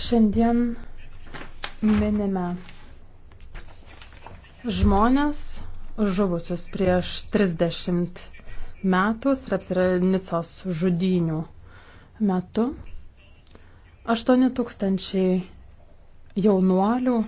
Šiandien minime žmonės žuvusius prieš 30 metų Srebrenicos žudynių metu. 8 tūkstančiai jaunuolių